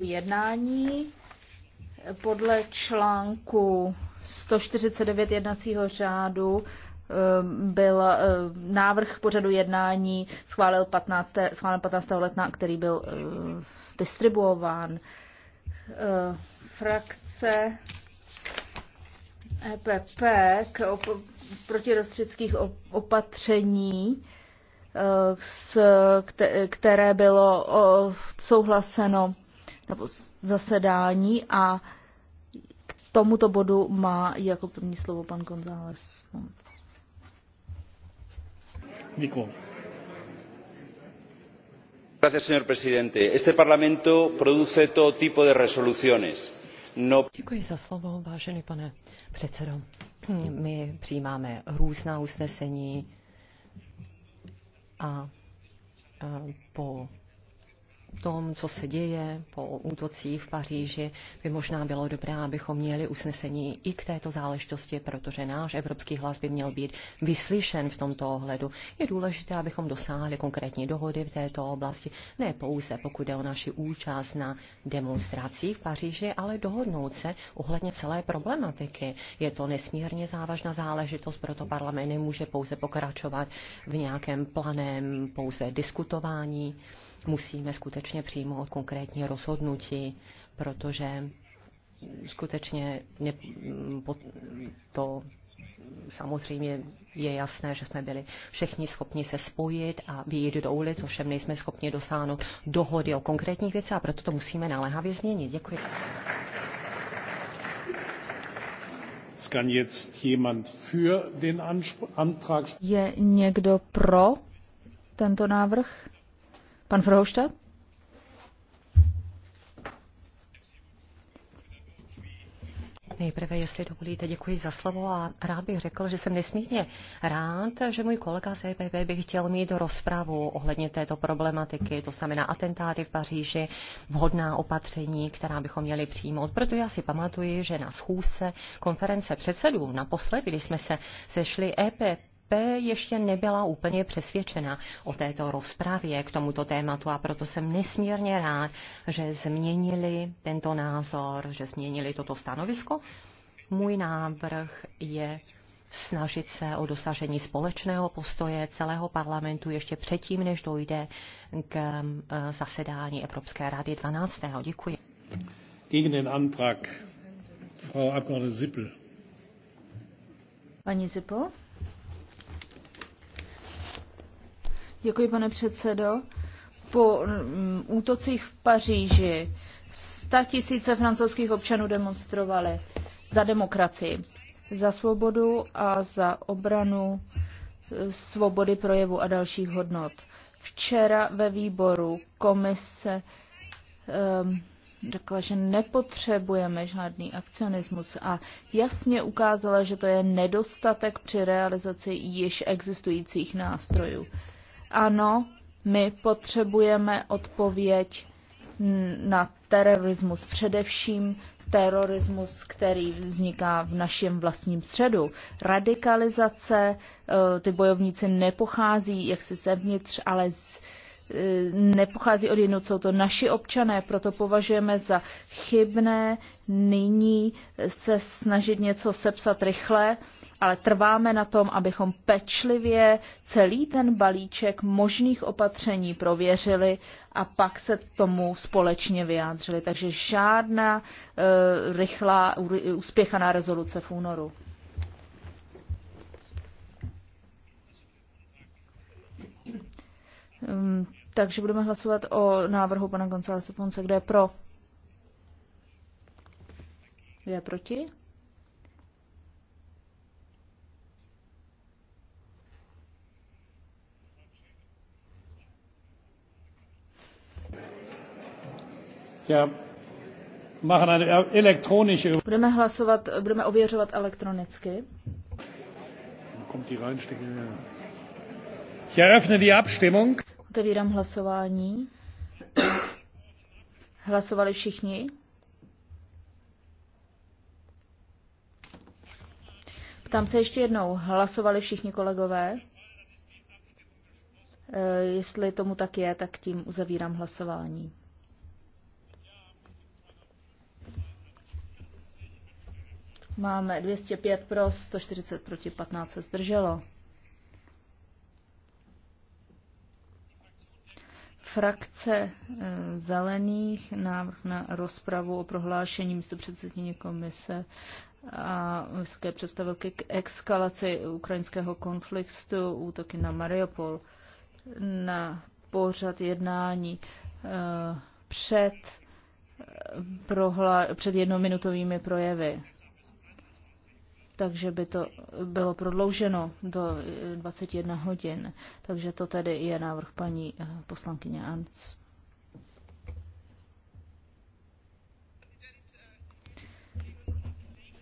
jednání podle článku 149 jednacího řádu eh, byl eh, návrh pořadu jednání schválil 15. Schválen 15. letna, který byl eh, distribuován. Frakce EPP k protirostřických opatření které bylo souhlaseno nebo zasedání a k tomuto bodu má jako první slovo pan González. Děkuji. Gracias, señor presidente. Este Parlamento produce todo tipo de resoluciones. No... Děkuji za slovo, vážený pane předsedo. My přijímáme různá usnesení a po tom, co se děje po útocích v Paříži, by možná bylo dobré, abychom měli usnesení i k této záležitosti, protože náš evropský hlas by měl být vyslyšen v tomto ohledu. Je důležité, abychom dosáhli konkrétní dohody v této oblasti, ne pouze pokud jde o naši účast na demonstracích v Paříži, ale dohodnout se ohledně celé problematiky. Je to nesmírně závažná záležitost, proto parlament nemůže pouze pokračovat v nějakém planem pouze diskutování musíme skutečně přijmout konkrétní rozhodnutí, protože skutečně mm, to samozřejmě je jasné, že jsme byli všichni schopni se spojit a vyjít do ulic, ovšem nejsme schopni dosáhnout dohody o konkrétních věcech a proto to musíme naléhavě změnit. Děkuji. Je někdo pro tento návrh? Pan Frohoštad? Nejprve, jestli dovolíte, děkuji za slovo a rád bych řekl, že jsem nesmírně rád, že můj kolega z EPP by chtěl mít rozpravu ohledně této problematiky, to znamená atentáty v Paříži, vhodná opatření, která bychom měli přijmout. Proto já si pamatuji, že na schůzce konference předsedů naposledy, když jsme se sešli EPP, P ještě nebyla úplně přesvědčena o této rozpravě k tomuto tématu a proto jsem nesmírně rád, že změnili tento názor, že změnili toto stanovisko. Můj návrh je snažit se o dosažení společného postoje celého parlamentu ještě předtím, než dojde k eh, zasedání Evropské rady 12. Děkuji. Gegen den Antrag Frau Abgeordnete Sippel. Pani Sippel. Děkuji, pane předsedo. Po mm, útocích v Paříži sta tisíce francouzských občanů demonstrovali za demokracii, za svobodu a za obranu e, svobody projevu a dalších hodnot. Včera ve výboru komise um, řekla, že nepotřebujeme žádný akcionismus a jasně ukázala, že to je nedostatek při realizaci již existujících nástrojů. Ano, my potřebujeme odpověď na terorismus, především terorismus, který vzniká v našem vlastním středu. Radikalizace, eh, ty bojovníci nepochází jaksi zevnitř, ale z nepochází od jednoho, jsou to naši občané, proto považujeme za chybné nyní se snažit něco sepsat rychle, ale trváme na tom, abychom pečlivě celý ten balíček možných opatření prověřili a pak se tomu společně vyjádřili. Takže žádná uh, rychlá, úspěchaná rezoluce v únoru. Um, takže budeme hlasovat o návrhu pana Gonzálese Ponce. Kdo je pro? Kdo je proti? Já mám eine elektronische. Budeme hlasovat, budeme ověřovat elektronicky. Já otevřu rein, Ich eröffne die Abstimmung. Otevírám hlasování. Hlasovali všichni? Ptám se ještě jednou. Hlasovali všichni kolegové? Eh, jestli tomu tak je, tak tím uzavírám hlasování. Máme 205 pro, 140 proti 15 se zdrželo. frakce eh, zelených návrh na rozpravu o prohlášení místo předsedkyně komise a vysoké představitelky k eskalaci ukrajinského konfliktu, útoky na Mariupol, na pořad jednání eh, před, eh, prohla- před jednominutovými projevy takže by to bylo prodlouženo do 21 eh, hodin. Takže to tedy je návrh paní eh, poslankyně Anc.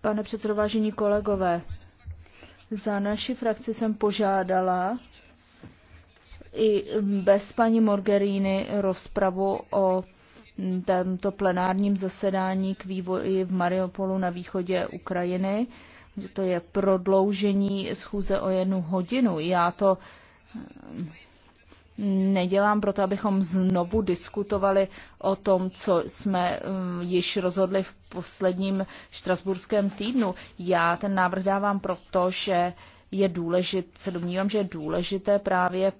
Pane předsedo, vážení kolegové, za naši frakci jsem požádala i bez paní Morgeríny rozpravu o tomto plenárním zasedání k vývoji v Mariupolu na východě Ukrajiny že to je prodloužení schůze o jednu hodinu. Já to eh, nedělám proto, abychom znovu diskutovali o tom, co jsme eh, již rozhodli v posledním štrasburském týdnu. Já ten návrh dávám proto, že je důležité, se domnívám, že je důležité právě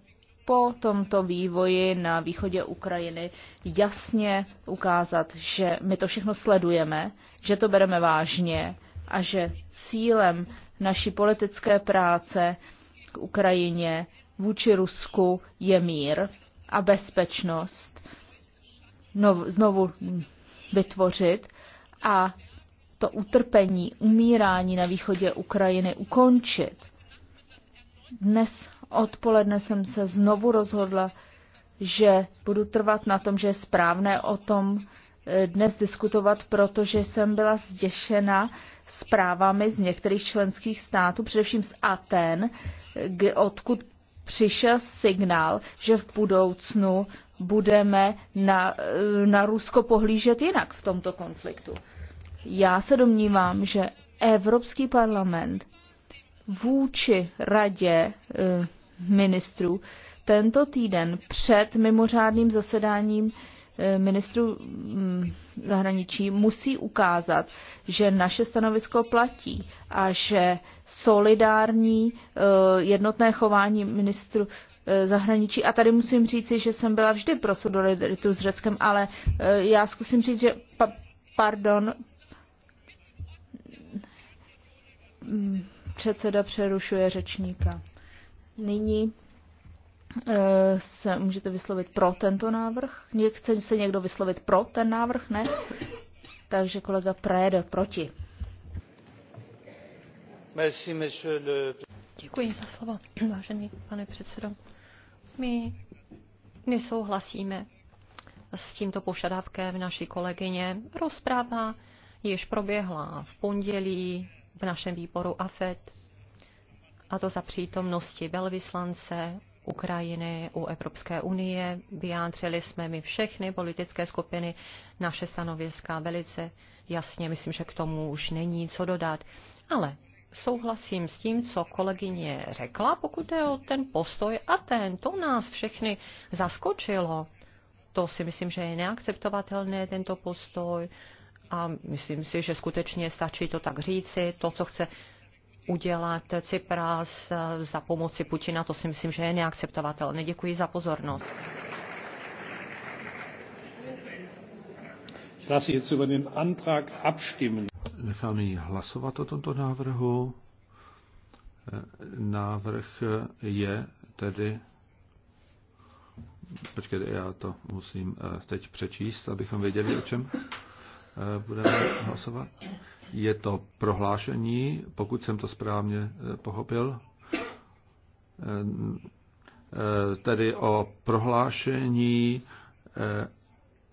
po tomto vývoji na východě Ukrajiny jasně ukázat, že my to všechno sledujeme, že to bereme vážně a že cílem naší politické práce k Ukrajině vůči Rusku je mír a bezpečnost znovu vytvořit a to utrpení, umírání na východě Ukrajiny ukončit. Dnes odpoledne jsem se znovu rozhodla, že budu trvat na tom, že je správné o tom eh, dnes diskutovat, protože jsem byla zděšena zprávami z některých členských států, především z Aten, odkud přišel signál, že v budoucnu budeme na, na Rusko pohlížet jinak v tomto konfliktu. Já se domnívám, že Evropský parlament vůči radě e, ministrů tento týden před mimořádným zasedáním e, ministrů mm, zahraničí musí ukázat, že naše stanovisko platí a že solidární eh, jednotné chování ministru eh, zahraničí. A tady musím říci, že jsem byla vždy pro solidaritu s Řeckem, ale eh, já zkusím říct, že pa- pardon, mm, předseda přerušuje řečníka. Nyní Eh, se můžete vyslovit pro tento návrh. Chce se někdo vyslovit pro ten návrh? Ne? Takže kolega Préda proti. Merci, le... Děkuji za slovo, vážený pane předsedo. My nesouhlasíme s tímto požadavkem naší kolegyně. Rozpráva již proběhla v pondělí v našem výboru AFET, a to za přítomnosti velvyslance Ukrajiny u Evropské unie. Vyjádřili jsme my všechny politické skupiny naše stanoviska velice jasně. Myslím, že k tomu už není co dodat. Ale souhlasím s tím, co kolegyně řekla, pokud je o ten postoj a ten. To nás všechny zaskočilo. To si myslím, že je neakceptovatelné, tento postoj. A myslím si, že skutečně stačí to tak říci, to, co chce udělat Cypras eh, za pomoci Putina, to si myslím, že je neakceptovatelné. Děkuji za pozornost. Nechám nyní hlasovat o tomto návrhu. Eh, návrh eh, je tedy počkejte, já to musím teď přečíst, abychom věděli, o čem budeme hlasovat. Je to prohlášení, pokud jsem to správně eh, pochopil, eh, eh, tedy o prohlášení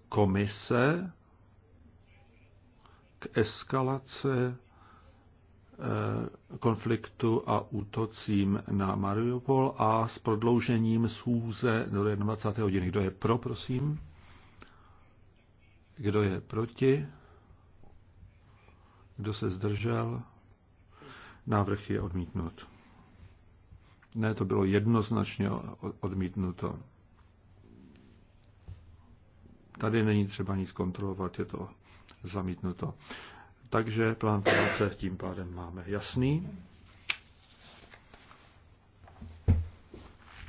komise k eskalace konfliktu a útocím na Mariupol a s prodloužením schůze do 21. hodiny. Kdo je pro, prosím? Kdo je proti? Kdo se zdržel? Návrh je odmítnut. Ne, to bylo jednoznačně odmítnuto. Tady není třeba nic kontrolovat, je to zamítnuto. Takže plán práce tím pádem máme jasný.